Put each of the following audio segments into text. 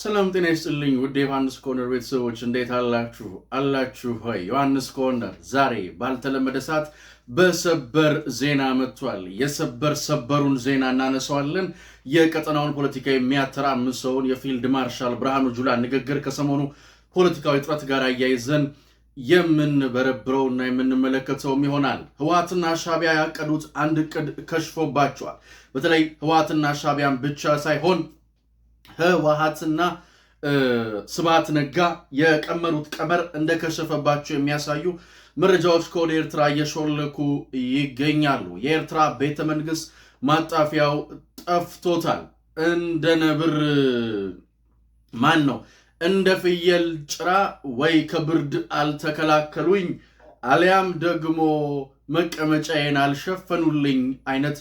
ሰላም ጤና ይስጥልኝ ውድ ዮሐንስ ኮርነር ቤተሰቦች እንዴት አላችሁ? አላችሁ ሆይ? ዮሐንስ ኮርነር ዛሬ ባልተለመደ ሰዓት በሰበር ዜና መጥቷል። የሰበር ሰበሩን ዜና እናነሳዋለን። የቀጠናውን ፖለቲካ የሚያተራምሰውን የፊልድ ማርሻል ብርሃኑ ጁላ ንግግር ከሰሞኑ ፖለቲካዊ ጥረት ጋር አያይዘን የምንበረብረውና የምንመለከተውም ይሆናል። ህወሓትና ሻቢያ ያቀዱት አንድ እቅድ ከሽፎባቸዋል። በተለይ ህወሓትና ሻቢያን ብቻ ሳይሆን ህወሓትና ስባት ነጋ የቀመሩት ቀመር እንደከሸፈባቸው የሚያሳዩ መረጃዎች ከወደ ኤርትራ እየሾለኩ ይገኛሉ። የኤርትራ ቤተ መንግስት ማጣፊያው ጠፍቶታል። እንደ ነብር ማን ነው እንደ ፍየል ጭራ ወይ ከብርድ አልተከላከሉኝ አሊያም ደግሞ መቀመጫዬን አልሸፈኑልኝ አይነት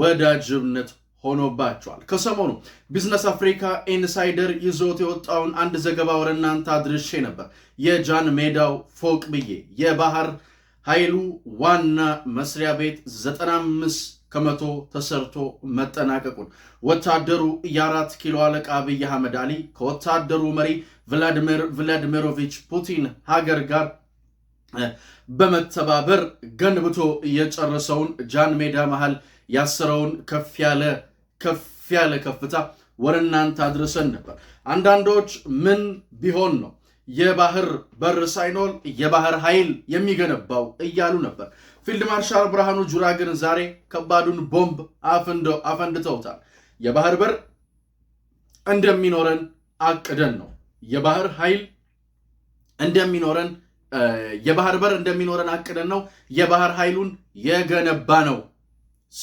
ወዳጅብነት ሆኖባቸዋል። ከሰሞኑ ቢዝነስ አፍሪካ ኢንሳይደር ይዞት የወጣውን አንድ ዘገባ ወደ እናንተ አድርሼ ነበር። የጃን ሜዳው ፎቅ ብዬ የባህር ኃይሉ ዋና መስሪያ ቤት 95 ከመቶ ተሰርቶ መጠናቀቁን ወታደሩ የአራት ኪሎ አለቃ አብይ አህመድ አሊ ከወታደሩ መሪ ቭላድሚር ቭላድሚሮቪች ፑቲን ሀገር ጋር በመተባበር ገንብቶ የጨረሰውን ጃን ሜዳ መሃል ያሰረውን ከፍ ያለ ከፍ ያለ ከፍታ ወደ እናንተ አድርሰን ነበር። አንዳንዶች ምን ቢሆን ነው የባህር በር ሳይኖር የባህር ኃይል የሚገነባው እያሉ ነበር። ፊልድ ማርሻል ብርሃኑ ጁራ ግን ዛሬ ከባዱን ቦምብ አፈንድተውታል። የባህር በር እንደሚኖረን አቅደን ነው የባህር ኃይል እንደሚኖረን የባህር በር እንደሚኖረን አቅደን ነው የባህር ኃይሉን የገነባ ነው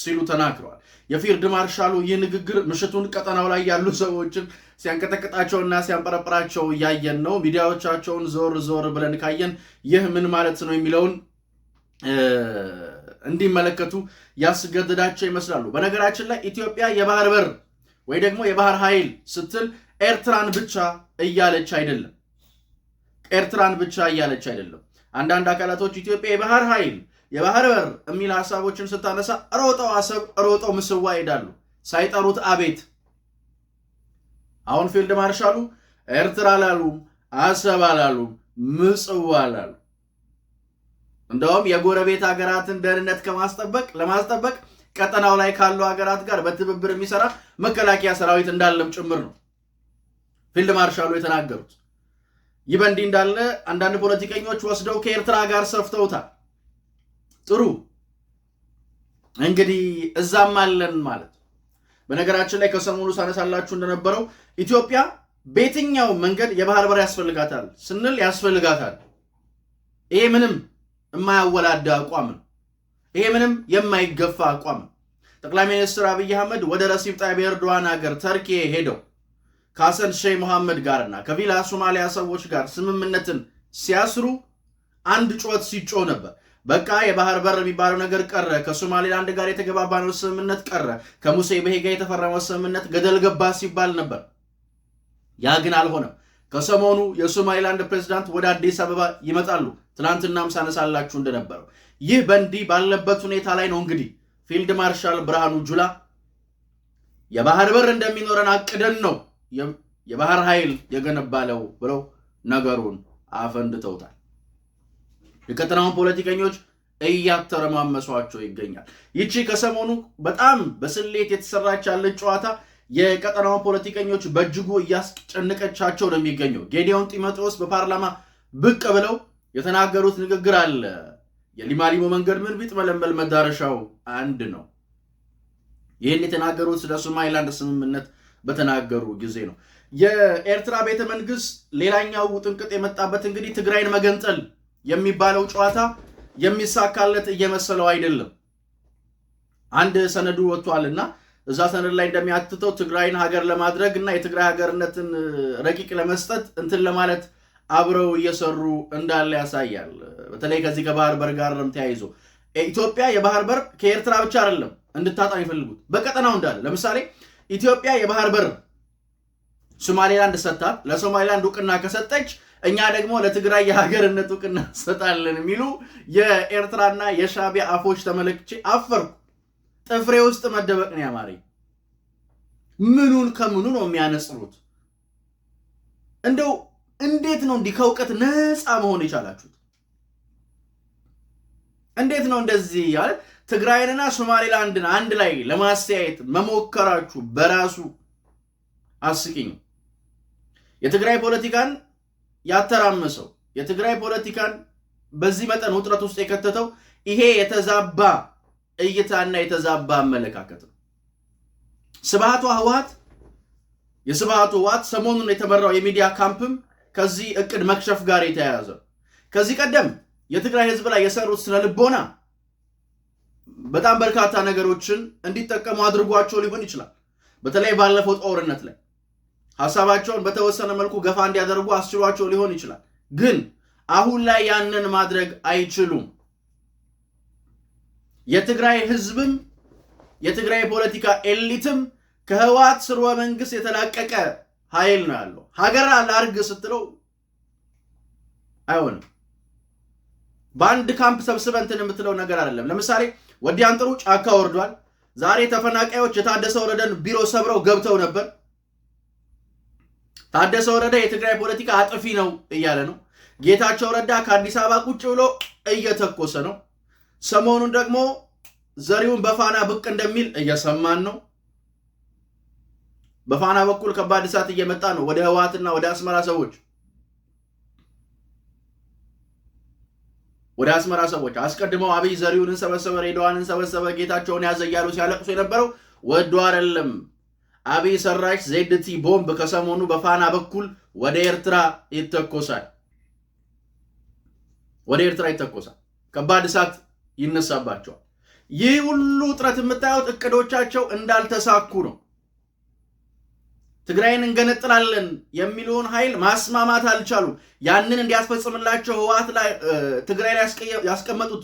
ሲሉ ተናግረዋል። የፊልድ ማርሻሉ ይህ ንግግር ምሽቱን ቀጠናው ላይ ያሉ ሰዎችን ሲያንቀጠቅጣቸውና ሲያንጠረጥራቸው እያየን ነው። ሚዲያዎቻቸውን ዞር ዞር ብለን ካየን ይህ ምን ማለት ነው የሚለውን እንዲመለከቱ ያስገድዳቸው ይመስላሉ። በነገራችን ላይ ኢትዮጵያ የባህር በር ወይ ደግሞ የባህር ኃይል ስትል ኤርትራን ብቻ እያለች አይደለም። ኤርትራን ብቻ እያለች አይደለም። አንዳንድ አካላቶች ኢትዮጵያ የባህር ኃይል የባህር በር የሚል ሀሳቦችን ስታነሳ ሮጠው አሰብ ሮጠው ምስዋ ይሄዳሉ፣ ሳይጠሩት አቤት። አሁን ፊልድ ማርሻሉ ኤርትራ አላሉም፣ አሰብ አላሉም፣ ምጽዋ አላሉ። እንደውም የጎረቤት ሀገራትን ደህንነት ከማስጠበቅ ለማስጠበቅ ቀጠናው ላይ ካሉ ሀገራት ጋር በትብብር የሚሰራ መከላከያ ሰራዊት እንዳለም ጭምር ነው ፊልድ ማርሻሉ የተናገሩት። ይህ በእንዲህ እንዳለ አንዳንድ ፖለቲከኞች ወስደው ከኤርትራ ጋር ሰፍተውታል። ጥሩ እንግዲህ እዛም አለን ማለት ነው። በነገራችን ላይ ከሰሞኑ ሳነሳላችሁ እንደነበረው ኢትዮጵያ በየትኛው መንገድ የባህር በር ያስፈልጋታል ስንል ያስፈልጋታል። ይሄ ምንም የማያወላዳ አቋም ነው። ይሄ ምንም የማይገፋ አቋም ነው። ጠቅላይ ሚኒስትር አብይ አህመድ ወደ ረሲብ ጣይብ ኤርዶዋን ሀገር ተርኬ ሄደው ከሐሰን ሼህ መሐመድ ጋርና ከቪላ ሶማሊያ ሰዎች ጋር ስምምነትን ሲያስሩ አንድ ጩኸት ሲጮህ ነበር። በቃ የባህር በር የሚባለው ነገር ቀረ። ከሶማሌላንድ ጋር የተገባባነው ስምምነት ቀረ። ከሙሴ በሄጋ የተፈረመው ስምምነት ገደል ገባ ሲባል ነበር። ያ ግን አልሆነም። ከሰሞኑ የሶማሌላንድ ፕሬዚዳንት ወደ አዲስ አበባ ይመጣሉ። ትናንትናም ሳነሳላችሁ እንደነበረው ይህ በእንዲህ ባለበት ሁኔታ ላይ ነው እንግዲህ ፊልድ ማርሻል ብርሃኑ ጁላ የባህር በር እንደሚኖረን አቅደን ነው የባህር ኃይል የገነባለው ብለው ነገሩን አፈንድተውታል። የቀጠናውን ፖለቲከኞች እያተረማመሷቸው ይገኛል። ይቺ ከሰሞኑ በጣም በስሌት የተሰራች ያለች ጨዋታ የቀጠናውን ፖለቲከኞች በእጅጉ እያስጨነቀቻቸው ነው የሚገኘው። ጌዲዮን ጢሞቴዎስ በፓርላማ ብቅ ብለው የተናገሩት ንግግር አለ። የሊማሊሞ መንገድ ምን ቢጥ መለመል መዳረሻው አንድ ነው። ይህን የተናገሩት ስለ ሶማሊላንድ ስምምነት በተናገሩ ጊዜ ነው። የኤርትራ ቤተ መንግስት ሌላኛው ውጥንቅጥ የመጣበት እንግዲህ ትግራይን መገንጠል የሚባለው ጨዋታ የሚሳካለት እየመሰለው አይደለም። አንድ ሰነዱ ወጥቷልና እና እዛ ሰነድ ላይ እንደሚያትተው ትግራይን ሀገር ለማድረግ እና የትግራይ ሀገርነትን ረቂቅ ለመስጠት እንትን ለማለት አብረው እየሰሩ እንዳለ ያሳያል። በተለይ ከዚህ ከባህር በር ጋርም ተያይዞ ኢትዮጵያ የባህር በር ከኤርትራ ብቻ አይደለም እንድታጣ የሚፈልጉት በቀጠናው እንዳለ። ለምሳሌ ኢትዮጵያ የባህር በር ሶማሌላንድ ሰጣት፣ ለሶማሌላንድ እውቅና ከሰጠች እኛ ደግሞ ለትግራይ የሀገርነት እውቅና እንሰጣለን የሚሉ የኤርትራና የሻቢያ አፎች ተመልክቼ አፈርኩ። ጥፍሬ ውስጥ መደበቅ ነው ያማረኝ። ምኑን ከምኑ ነው የሚያነጽሩት? እንደው እንዴት ነው እንዲህ ከእውቀት ነፃ መሆን የቻላችሁት? እንዴት ነው እንደዚህ ያለ ትግራይንና ሶማሌላንድን አንድ ላይ ለማስተያየት መሞከራችሁ በራሱ አስቂኝ። የትግራይ ፖለቲካን ያተራመሰው የትግራይ ፖለቲካን በዚህ መጠን ውጥረት ውስጥ የከተተው ይሄ የተዛባ እይታና የተዛባ አመለካከት ነው። ስብሃቱ ህወሓት የስብሃቱ ህወሓት ሰሞኑን የተመራው የሚዲያ ካምፕም ከዚህ እቅድ መክሸፍ ጋር የተያያዘ ከዚህ ቀደም የትግራይ ህዝብ ላይ የሰሩት ስነ ልቦና በጣም በርካታ ነገሮችን እንዲጠቀሙ አድርጓቸው ሊሆን ይችላል። በተለይ ባለፈው ጦርነት ላይ ሀሳባቸውን በተወሰነ መልኩ ገፋ እንዲያደርጉ አስችሏቸው ሊሆን ይችላል። ግን አሁን ላይ ያንን ማድረግ አይችሉም። የትግራይ ህዝብም የትግራይ ፖለቲካ ኤሊትም ከህወሓት ስርወ መንግስት የተላቀቀ ኃይል ነው ያለው። ሀገር ላርግ ስትለው አይሆንም። በአንድ ካምፕ ሰብስበ እንትን የምትለው ነገር አይደለም። ለምሳሌ ወዲያን ጥሩ ጫካ ወርዷል። ዛሬ ተፈናቃዮች የታደሰ ወረደን ቢሮ ሰብረው ገብተው ነበር። ታደሰ ወረደ የትግራይ ፖለቲካ አጥፊ ነው እያለ ነው። ጌታቸው ረዳ ከአዲስ አበባ ቁጭ ብሎ እየተኮሰ ነው። ሰሞኑን ደግሞ ዘሪውን በፋና ብቅ እንደሚል እየሰማን ነው። በፋና በኩል ከባድ እሳት እየመጣ ነው ወደ ህወሓትና ወደ አስመራ ሰዎች ወደ አስመራ ሰዎች አስቀድመው አብይ ዘሪውን እንሰበሰበ፣ ሬድዋን እንሰበሰበ፣ ጌታቸውን ያዘ እያሉ ሲያለቅሱ የነበረው ወዶ አይደለም። አብይ ሰራሽ ዜድቲ ቦምብ ከሰሞኑ በፋና በኩል ወደ ኤርትራ ይተኮሳል። ወደ ኤርትራ ይተኮሳል። ከባድ እሳት ይነሳባቸዋል። ይህ ሁሉ ውጥረት የምታዩት እቅዶቻቸው እንዳልተሳኩ ነው። ትግራይን እንገነጥላለን የሚለውን ኃይል ማስማማት አልቻሉ። ያንን እንዲያስፈጽምላቸው ህወሓት ላይ ትግራይ ላይ ያስቀመጡት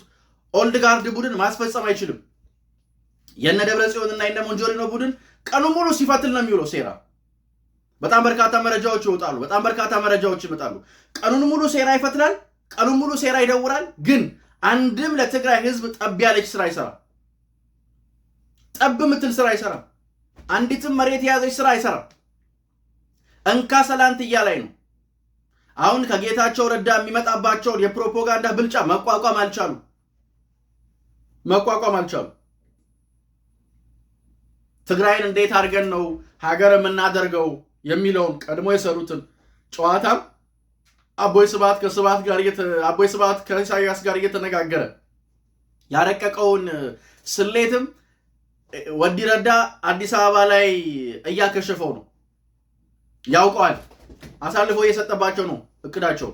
ኦልድ ጋርድ ቡድን ማስፈጸም አይችልም። የነ ደብረ ጽዮንና የነ ሞንጆሪኖ ቡድን ቀኑ ሙሉ ሲፈትል ነው የሚውለው ሴራ። በጣም በርካታ መረጃዎች ይወጣሉ። በጣም በርካታ መረጃዎች ይመጣሉ። ቀኑን ሙሉ ሴራ ይፈትላል። ቀኑን ሙሉ ሴራ ይደውራል። ግን አንድም ለትግራይ ህዝብ ጠብ ያለች ስራ አይሰራ። ጠብ ምትል ስራ አይሰራ። አንዲትም መሬት የያዘች ስራ አይሰራ። እንካ ሰላንትያ ላይ ነው አሁን ከጌታቸው ረዳ የሚመጣባቸውን የፕሮፓጋንዳ ብልጫ መቋቋም አልቻሉ መቋቋም አልቻሉ። ትግራይን እንዴት አድርገን ነው ሀገር የምናደርገው የሚለውን ቀድሞ የሰሩትን ጨዋታም አቦይ ስብሐት ከስብሐት ጋር አቦይ ስብሐት ከኢሳያስ ጋር እየተነጋገረ ያረቀቀውን ስሌትም ወዲረዳ አዲስ አበባ ላይ እያከሸፈው ነው። ያውቀዋል። አሳልፎ እየሰጠባቸው ነው እቅዳቸው።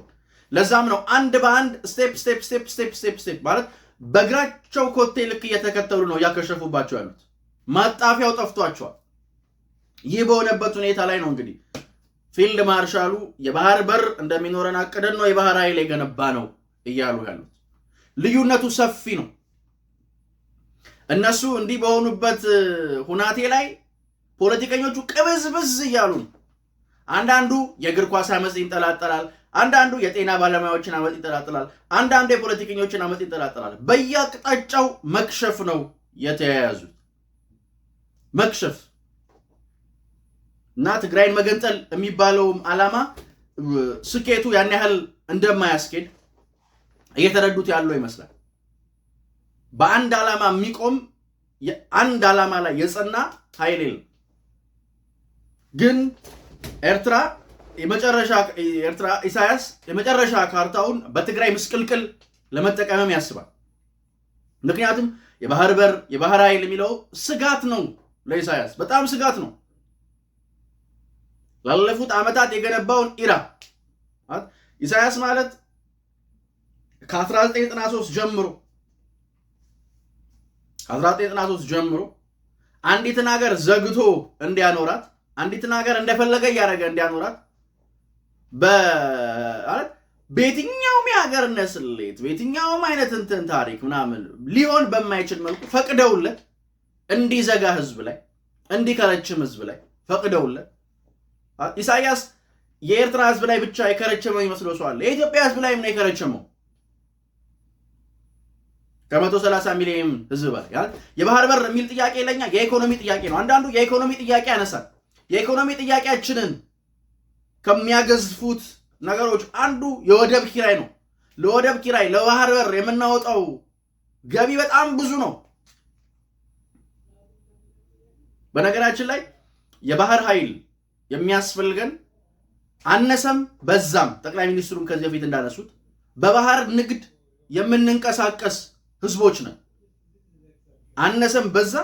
ለዛም ነው አንድ በአንድ ስቴፕ ስቴፕ ስቴፕ ስቴፕ ስቴፕ ማለት በእግራቸው ኮቴ ልክ እየተከተሉ ነው እያከሸፉባቸው ያሉት። ማጣፊያው ጠፍቷቸዋል። ይህ በሆነበት ሁኔታ ላይ ነው እንግዲህ ፊልድ ማርሻሉ የባህር በር እንደሚኖረን አቅደን ነው የባህር ኃይል የገነባ ነው እያሉ ያሉት። ልዩነቱ ሰፊ ነው። እነሱ እንዲህ በሆኑበት ሁናቴ ላይ ፖለቲከኞቹ ቅብዝብዝ እያሉ ነው። አንዳንዱ የእግር ኳስ አመፅ ይንጠላጠላል፣ አንዳንዱ የጤና ባለሙያዎችን አመፅ ይንጠላጠላል፣ አንዳንዱ የፖለቲከኞችን አመፅ ይንጠላጠላል። በየአቅጣጫው መክሸፍ ነው የተያያዙት። መክሸፍ እና ትግራይን መገንጠል የሚባለውም ዓላማ ስኬቱ ያን ያህል እንደማያስኬድ እየተረዱት ያለው ይመስላል። በአንድ ዓላማ የሚቆም አንድ ዓላማ ላይ የጸና ኃይል የለም። ግን ኤርትራ የመጨረሻ ኤርትራ ኢሳያስ የመጨረሻ ካርታውን በትግራይ ምስቅልቅል ለመጠቀምም ያስባል። ምክንያቱም የባህር በር የባህር ኃይል የሚለው ስጋት ነው። ለኢሳያስ በጣም ስጋት ነው። ላለፉት ዓመታት የገነባውን ኢራ ኢሳያስ ማለት ከ1993 ጀምሮ ከ1993 ጀምሮ አንዲትን ሀገር ዘግቶ እንዲያኖራት አንዲትን ሀገር እንደፈለገ እያደረገ እንዲያኖራት በየትኛውም የሀገርነት ስሌት በየትኛውም አይነት እንትን ታሪክ ምናምን ሊሆን በማይችል መልኩ ፈቅደውለት እንዲዘጋ ህዝብ ላይ እንዲከረችም ህዝብ ላይ ፈቅደውለት ኢሳያስ የኤርትራ ህዝብ ላይ ብቻ የከረችመው ይመስለው ሰው አለ። የኢትዮጵያ ህዝብ ላይ ምን የከረችመው? ከመቶ ሰላሳ ሚሊዮን ህዝብ በላይ የባህር በር የሚል ጥያቄ ለኛ የኢኮኖሚ ጥያቄ ነው። አንዳንዱ የኢኮኖሚ ጥያቄ ያነሳል። የኢኮኖሚ ጥያቄያችንን ከሚያገዝፉት ነገሮች አንዱ የወደብ ኪራይ ነው። ለወደብ ኪራይ ለባህር በር የምናወጣው ገቢ በጣም ብዙ ነው። በነገራችን ላይ የባህር ኃይል የሚያስፈልገን አነሰም በዛም ጠቅላይ ሚኒስትሩን ከዚህ በፊት እንዳነሱት በባህር ንግድ የምንንቀሳቀስ ህዝቦች ነን። አነሰም በዛ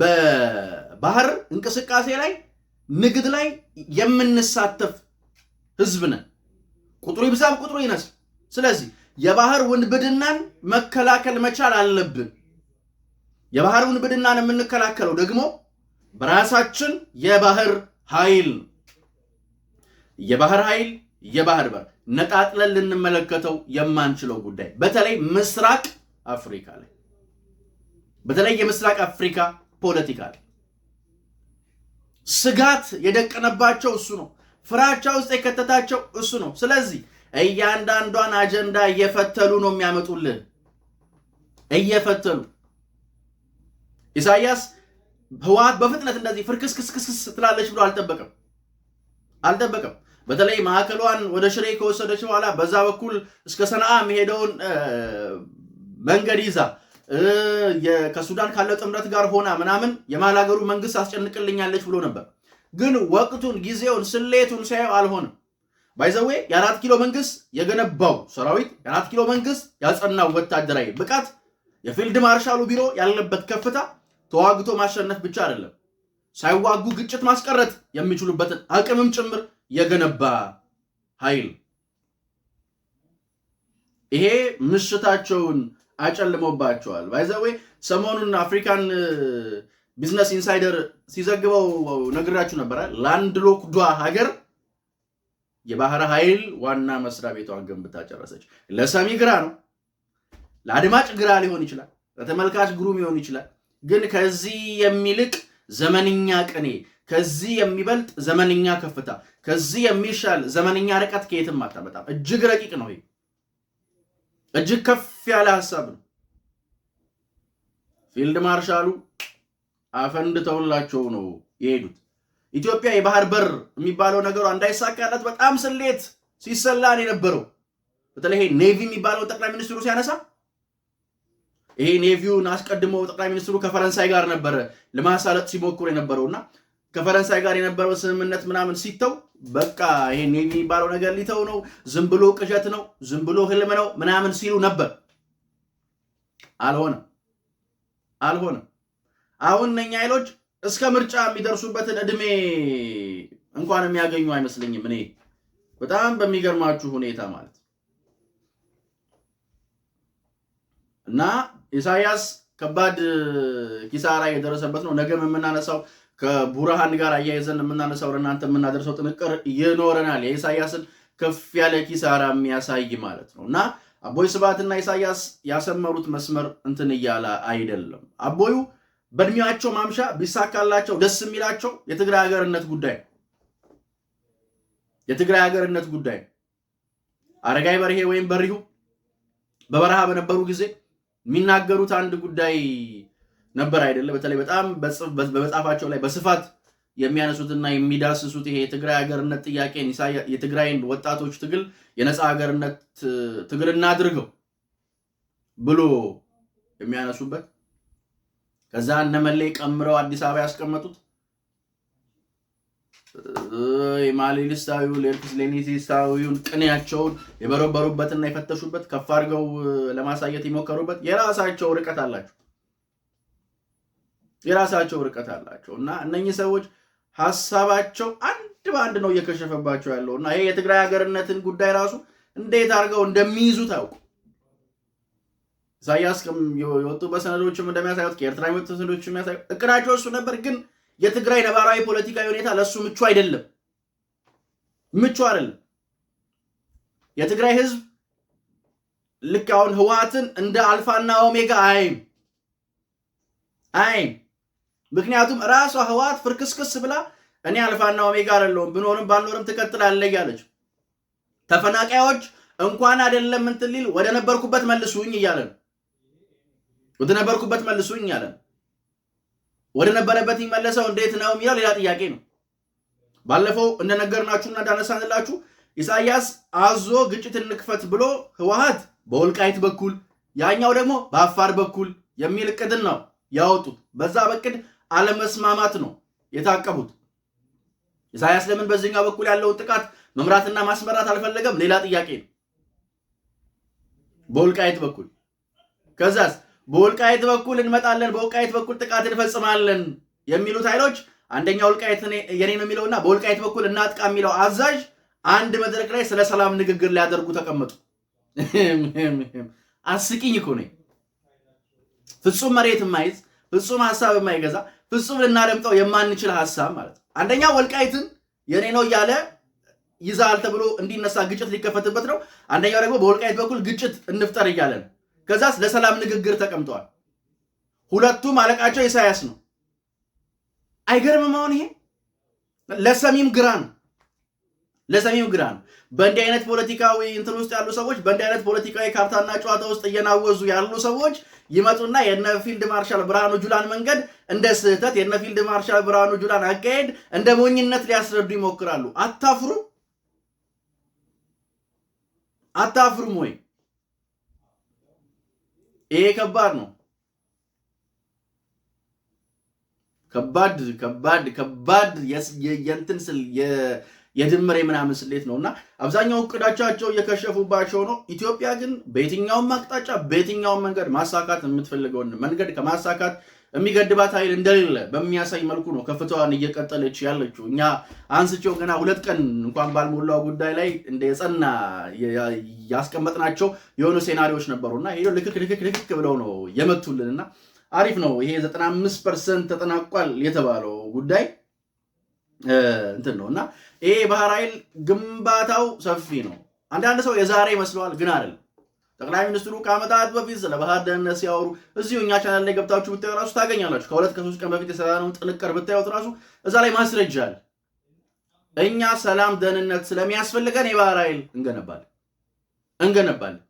በባህር እንቅስቃሴ ላይ ንግድ ላይ የምንሳተፍ ህዝብ ነን። ቁጥሩ ይብዛም ቁጥሩ ይነስ። ስለዚህ የባህር ውንብድናን መከላከል መቻል አለብን። የባህር ውንብድናን የምንከላከለው ደግሞ በራሳችን የባህር ኃይል የባህር ኃይል የባህር በር ነጣጥለን ልንመለከተው የማንችለው ጉዳይ በተለይ ምስራቅ አፍሪካ ላይ በተለይ የምስራቅ አፍሪካ ፖለቲካ ላይ ስጋት የደቀነባቸው እሱ ነው። ፍራቻ ውስጥ የከተታቸው እሱ ነው። ስለዚህ እያንዳንዷን አጀንዳ እየፈተሉ ነው የሚያመጡልን እየፈተሉ ኢሳያስ ህወሓት በፍጥነት እንደዚህ ፍርክስክስክስክስ ትላለች ብሎ አልጠበቀም አልጠበቀም። በተለይ ማዕከሏን ወደ ሽሬ ከወሰደች በኋላ በዛ በኩል እስከ ሰነአ የሚሄደውን መንገድ ይዛ ከሱዳን ካለው ጥምረት ጋር ሆና ምናምን የመሀል ሀገሩ መንግስት አስጨንቅልኛለች ብሎ ነበር። ግን ወቅቱን፣ ጊዜውን፣ ስሌቱን ሲያየው አልሆነም። ባይዘዌ የአራት ኪሎ መንግስት የገነባው ሰራዊት የአራት ኪሎ መንግስት ያጸናው ወታደራዊ ብቃት የፊልድ ማርሻሉ ቢሮ ያለበት ከፍታ ተዋግቶ ማሸነፍ ብቻ አይደለም፣ ሳይዋጉ ግጭት ማስቀረት የሚችሉበትን አቅምም ጭምር የገነባ ኃይል ይሄ ምሽታቸውን አጨልሞባቸዋል። ባይዘዌ ሰሞኑን አፍሪካን ቢዝነስ uh, ኢንሳይደር ሲዘግበው ነግራችሁ ነበረ። ላንድ ሎክዷ ሀገር የባህር ኃይል ዋና መስሪያ ቤቷን ገንብታ ጨረሰች። ለሰሚ ግራ ነው፣ ለአድማጭ ግራ ሊሆን ይችላል፣ ለተመልካች ግሩም ሊሆን ይችላል። ግን ከዚህ የሚልቅ ዘመንኛ ቅኔ፣ ከዚህ የሚበልጥ ዘመንኛ ከፍታ፣ ከዚህ የሚሻል ዘመንኛ ርቀት ከየትም አታመጣም። እጅግ ረቂቅ ነው። ይሄ እጅግ ከፍ ያለ ሀሳብ ነው። ፊልድ ማርሻሉ አፈንድተውላቸው ነው የሄዱት። ኢትዮጵያ የባህር በር የሚባለው ነገሯ እንዳይሳካለት በጣም ስሌት ሲሰላን የነበረው በተለይ ኔቪ የሚባለው ጠቅላይ ሚኒስትሩ ሲያነሳ ይሄ ኔቪውን አስቀድመው ጠቅላይ ሚኒስትሩ ከፈረንሳይ ጋር ነበረ ለማሳለጥ ሲሞክሩ የነበረው እና ከፈረንሳይ ጋር የነበረው ስምምነት ምናምን ሲተው በቃ ይሄ ኔቪ የሚባለው ነገር ሊተው ነው፣ ዝም ብሎ ቅዠት ነው፣ ዝም ብሎ ህልም ነው ምናምን ሲሉ ነበር። አልሆነም አልሆነም። አሁን እነኛ ኃይሎች እስከ ምርጫ የሚደርሱበትን እድሜ እንኳን የሚያገኙ አይመስለኝም። እኔ በጣም በሚገርማችሁ ሁኔታ ማለት እና ኢሳያስ ከባድ ኪሳራ የደረሰበት ነው። ነገም የምናነሳው ከቡርሃን ጋር አያይዘን የምናነሳው ለእናንተ የምናደርሰው ጥንቅር ይኖረናል። የኢሳያስን ከፍ ያለ ኪሳራ የሚያሳይ ማለት ነው እና አቦይ ስብሃትና ኢሳያስ ያሰመሩት መስመር እንትን እያለ አይደለም። አቦዩ በእድሜያቸው ማምሻ ቢሳካላቸው ደስ የሚላቸው የትግራይ ሀገርነት ጉዳይ የትግራይ ሀገርነት ጉዳይ አረጋይ በርሄ ወይም በሪሁ በበረሃ በነበሩ ጊዜ የሚናገሩት አንድ ጉዳይ ነበር አይደለ? በተለይ በጣም በመጽሐፋቸው ላይ በስፋት የሚያነሱትና የሚዳስሱት ይሄ የትግራይ ሀገርነት ጥያቄን የትግራይን ወጣቶች ትግል የነፃ ሀገርነት ትግል አድርገው ብሎ የሚያነሱበት ከዛ እነመሌ ቀምረው አዲስ አበባ ያስቀመጡት የማሌሊስታዊው ሌርክስሌኒሲሳዊውን ቅኔያቸውን የበረበሩበትና የፈተሹበት ከፍ አድርገው ለማሳየት የሞከሩበት የራሳቸው ርቀት አላቸው የራሳቸው ርቀት አላቸው እና እነኚህ ሰዎች ሀሳባቸው አንድ በአንድ ነው እየከሸፈባቸው ያለው እና ይሄ የትግራይ ሀገርነትን ጉዳይ ራሱ እንዴት አድርገው እንደሚይዙ ታውቁ። ኢሳያስ የወጡ በሰነዶችም እንደሚያሳዩት ከኤርትራ የወጡ ሰነዶች የሚያሳዩ እቅዳቸው እሱ ነበር ግን የትግራይ ነባራዊ ፖለቲካዊ ሁኔታ ለሱ ምቹ አይደለም፣ ምቹ አይደለም። የትግራይ ህዝብ ልክ አሁን ህወሓትን እንደ አልፋና ኦሜጋ አይም አይም። ምክንያቱም ራሷ ህወሓት ፍርክስክስ ብላ እኔ አልፋና ኦሜጋ አይደለሁም ብኖርም ባልኖርም ትቀጥላለች ያለች ተፈናቃዮች እንኳን አይደለም እንትን ሊል ወደ ነበርኩበት መልሱኝ እያለ ነው። ወደ ነበርኩበት መልሱኝ እያለ ነው። ወደ ነበረበት ይመለሰው እንዴት ነው የሚለው ሌላ ጥያቄ ነው። ባለፈው እንደነገርናችሁና እንዳነሳንላችሁ ኢሳያስ አዞ ግጭት እንክፈት ብሎ ህወሀት በወልቃይት በኩል ያኛው ደግሞ በአፋር በኩል የሚል እቅድን ነው ያወጡት። በዛ በቅድ አለመስማማት ነው የታቀቡት። ኢሳያስ ለምን በዚህኛው በኩል ያለውን ጥቃት መምራትና ማስመራት አልፈለገም? ሌላ ጥያቄ ነው። በወልቃይት በኩል ከዛስ በወልቃይት በኩል እንመጣለን፣ በወልቃይት በኩል ጥቃት እንፈጽማለን የሚሉት ኃይሎች አንደኛ ወልቃይት የኔ ነው የሚለውና በወልቃይት በኩል እናጥቃ የሚለው አዛዥ አንድ መድረክ ላይ ስለ ሰላም ንግግር ሊያደርጉ ተቀመጡ። አስቂኝ እኮ ፍጹም መሬት የማይዝ ፍጹም ሀሳብ የማይገዛ ፍጹም ልናደምጠው የማንችል ሀሳብ ማለት ነው። አንደኛ ወልቃይትን የኔ ነው እያለ ይዛል ተብሎ እንዲነሳ ግጭት ሊከፈትበት ነው። አንደኛው ደግሞ በወልቃይት በኩል ግጭት እንፍጠር እያለ ነው። ከዛስ ለሰላም ንግግር ተቀምጠዋል። ሁለቱም አለቃቸው ኢሳያስ ነው። አይገርምም? አሁን ይሄ ለሰሚም ግራ ነው። ለሰሚም ግራ ነው። በእንዲህ አይነት ፖለቲካዊ እንትን ውስጥ ያሉ ሰዎች በእንዲህ አይነት ፖለቲካዊ ካርታና ጨዋታ ውስጥ እየናወዙ ያሉ ሰዎች ይመጡና የነ ፊልድ ማርሻል ብርሃኑ ጁላን መንገድ እንደ ስህተት የነ ፊልድ ማርሻል ብርሃኑ ጁላን አካሄድ እንደ ሞኝነት ሊያስረዱ ይሞክራሉ። አታፍሩም? አታፍሩም ወይ? ይሄ ከባድ ነው። ከባድ ከባድ ከባድ የእንትን ስል የድምሬ ምናምን ስሌት ነው እና አብዛኛው እቅዳቻቸው እየከሸፉባቸው ነው። ኢትዮጵያ ግን በየትኛውም አቅጣጫ በየትኛውም መንገድ ማሳካት የምትፈልገውን መንገድ ከማሳካት የሚገድባት ኃይል እንደሌለ በሚያሳይ መልኩ ነው ከፍታዋን እየቀጠለች ያለችው። እኛ አንስቼው ገና ሁለት ቀን እንኳን ባልሞላው ጉዳይ ላይ እንደ የጸና ያስቀመጥናቸው የሆኑ ሴናሪዎች ነበሩ እና ይሄ ልክክ ልክክ ልክክ ብለው ነው የመቱልን እና አሪፍ ነው ይሄ 95 ፐርሰንት ተጠናቋል የተባለው ጉዳይ እንትን ነው እና ይሄ ባህር ኃይል ግንባታው ሰፊ ነው። አንዳንድ ሰው የዛሬ ይመስለዋል፣ ግን አይደለም። ጠቅላይ ሚኒስትሩ ከዓመታት በፊት ስለ ባህር ደህንነት ሲያወሩ እዚሁ እኛ ቻናል ላይ ገብታችሁ ብታዩ ራሱ ታገኛላችሁ። ከሁለት ከሶስት ቀን በፊት የሰራነውን ጥንቅር ብታዩት ራሱ እዛ ላይ ማስረጃ አለ። እኛ ሰላም ደህንነት ስለሚያስፈልገን የባህር ኃይል እንገነባለን እንገነባለን።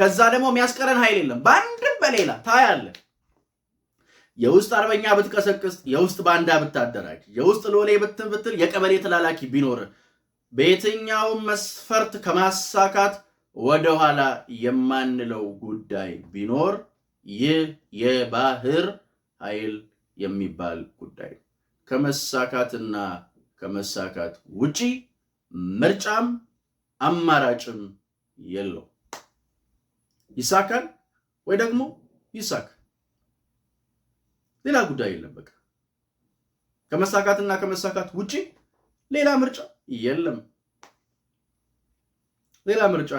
ከዛ ደግሞ የሚያስቀረን ኃይል የለም። በአንድም በሌላ ታያለ። የውስጥ አርበኛ ብትቀሰቅስ፣ የውስጥ ባንዳ ብታደራጅ፣ የውስጥ ሎሌ ብትል የቀበሌ ተላላኪ ቢኖር በየትኛውም መስፈርት ከማሳካት ወደኋላ የማንለው ጉዳይ ቢኖር ይህ የባህር ኃይል የሚባል ጉዳይ ከመሳካትና ከመሳካት ውጪ ምርጫም አማራጭም የለው። ይሳካል ወይ ደግሞ ይሳክ፣ ሌላ ጉዳይ የለም። በቃ ከመሳካትና ከመሳካት ውጪ ሌላ ምርጫ የለም። ሌላ ምርጫ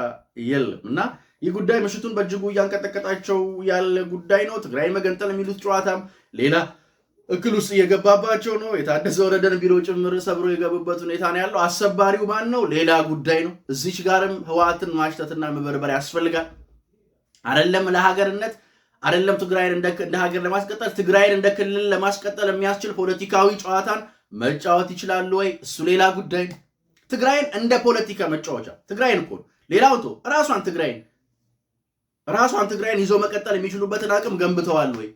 የለም እና ይህ ጉዳይ ምሽቱን በእጅጉ እያንቀጠቀጣቸው ያለ ጉዳይ ነው። ትግራይ መገንጠል የሚሉት ጨዋታም ሌላ እክል ውስጥ እየገባባቸው ነው። የታደሰ ወረደን ቢሮ ጭምር ሰብሮ የገቡበት ሁኔታ ነው ያለው። አሰባሪው ማን ነው? ሌላ ጉዳይ ነው። እዚች ጋርም ህወሓትን ማሽተትና መበርበር ያስፈልጋል። አይደለም ለሀገርነት አደለም ትግራይን እንደ ሀገር ለማስቀጠል ትግራይን እንደ ክልል ለማስቀጠል የሚያስችል ፖለቲካዊ ጨዋታን መጫወት ይችላሉ ወይ? እሱ ሌላ ጉዳይ ነው። ትግራይን እንደ ፖለቲካ መጫወቻ ትግራይን እኮ ሌላው ቶ ራሷን ትግራይን ራሷን ትግራይን ይዘው መቀጠል የሚችሉበትን አቅም ገንብተዋል ወይ?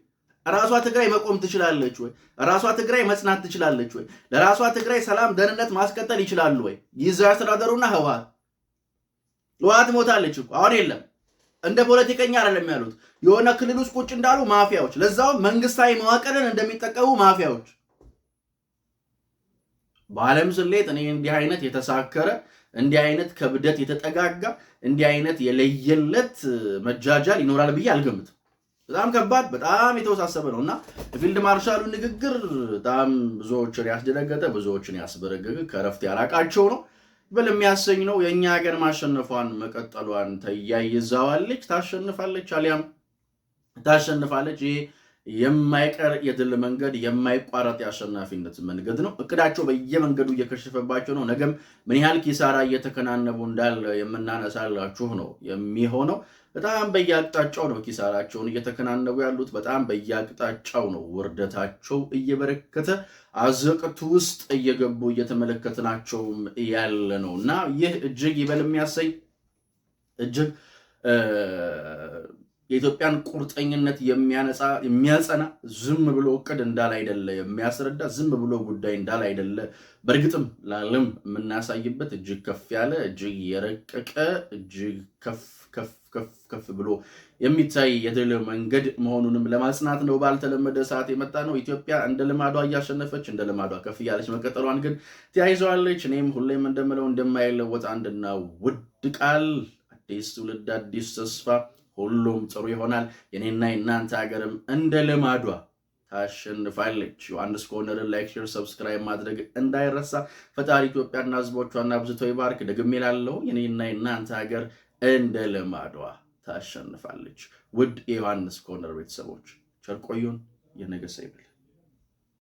ራሷ ትግራይ መቆም ትችላለች ወይ? ራሷ ትግራይ መጽናት ትችላለች ወይ? ለራሷ ትግራይ ሰላም፣ ደህንነት ማስቀጠል ይችላሉ ወይ? ይዘው ያስተዳደሩና ህወሓት ህወሓት ሞታለች እኮ አሁን የለም። እንደ ፖለቲከኛ አይደለም ያሉት የሆነ ክልል ውስጥ ቁጭ እንዳሉ ማፊያዎች፣ ለዛውም መንግስታዊ መዋቅርን እንደሚጠቀሙ ማፊያዎች በዓለም ስሌት እኔ እንዲህ አይነት የተሳከረ እንዲህ አይነት ከብደት የተጠጋጋ እንዲህ አይነት የለየለት መጃጃል ይኖራል ብዬ አልገምትም። በጣም ከባድ፣ በጣም የተወሳሰበ ነው እና ፊልድ ማርሻሉ ንግግር በጣም ብዙዎችን ያስደነገጠ፣ ብዙዎችን ያስበረገገ፣ ከረፍት ያራቃቸው ነው ብል የሚያሰኝ ነው። የእኛ ሀገር ማሸነፏን መቀጠሏን ተያይዛዋለች፣ ታሸንፋለች፣ አሊያም ታሸንፋለች። ይሄ የማይቀር የድል መንገድ የማይቋረጥ የአሸናፊነት መንገድ ነው። እቅዳቸው በየመንገዱ እየከሸፈባቸው ነው። ነገም ምን ያህል ኪሳራ እየተከናነቡ እንዳለ የምናነሳላችሁ ነው የሚሆነው። በጣም በየአቅጣጫው ነው ኪሳራቸውን እየተከናነቡ ያሉት። በጣም በየአቅጣጫው ነው ውርደታቸው እየበረከተ አዘቅቱ ውስጥ እየገቡ እየተመለከትናቸውም ያለ ነው እና ይህ እጅግ ይበል የሚያሰኝ እጅግ የኢትዮጵያን ቁርጠኝነት የሚያነጻ የሚያጸና ዝም ብሎ እቅድ እንዳለ አይደለ የሚያስረዳ ዝም ብሎ ጉዳይ እንዳለ አይደለ በእርግጥም ለዓለም የምናሳይበት እጅግ ከፍ ያለ እጅግ የረቀቀ እጅግ ከፍ ከፍ ከፍ ከፍ ብሎ የሚታይ የድል መንገድ መሆኑንም ለማጽናት ነው ባልተለመደ ሰዓት የመጣ ነው። ኢትዮጵያ እንደ ልማዷ እያሸነፈች እንደ ልማዷ ከፍ እያለች መቀጠሏን ግን ተያይዘዋለች። እኔም ሁሌም እንደምለው እንደማይለወጥ አንድና ውድ ቃል አዲስ ትውልድ አዲስ ተስፋ ሁሉም ጥሩ ይሆናል። የኔና የእናንተ ሀገርም እንደ ልማዷ ታሸንፋለች። ዮሐንስ ኮርነርን ላይክ፣ ሼር፣ ሰብስክራይብ ማድረግ እንዳይረሳ። ፈጣሪ ኢትዮጵያና ሕዝቦቿን አብዝቶ ይባርክ። ደግሜ ላለው የኔና የእናንተ ሀገር እንደ ልማዷ ታሸንፋለች። ውድ የዮሐንስ ኮርነር ቤተሰቦች ቸር ቆዩን። የነገ ሰው ይበል።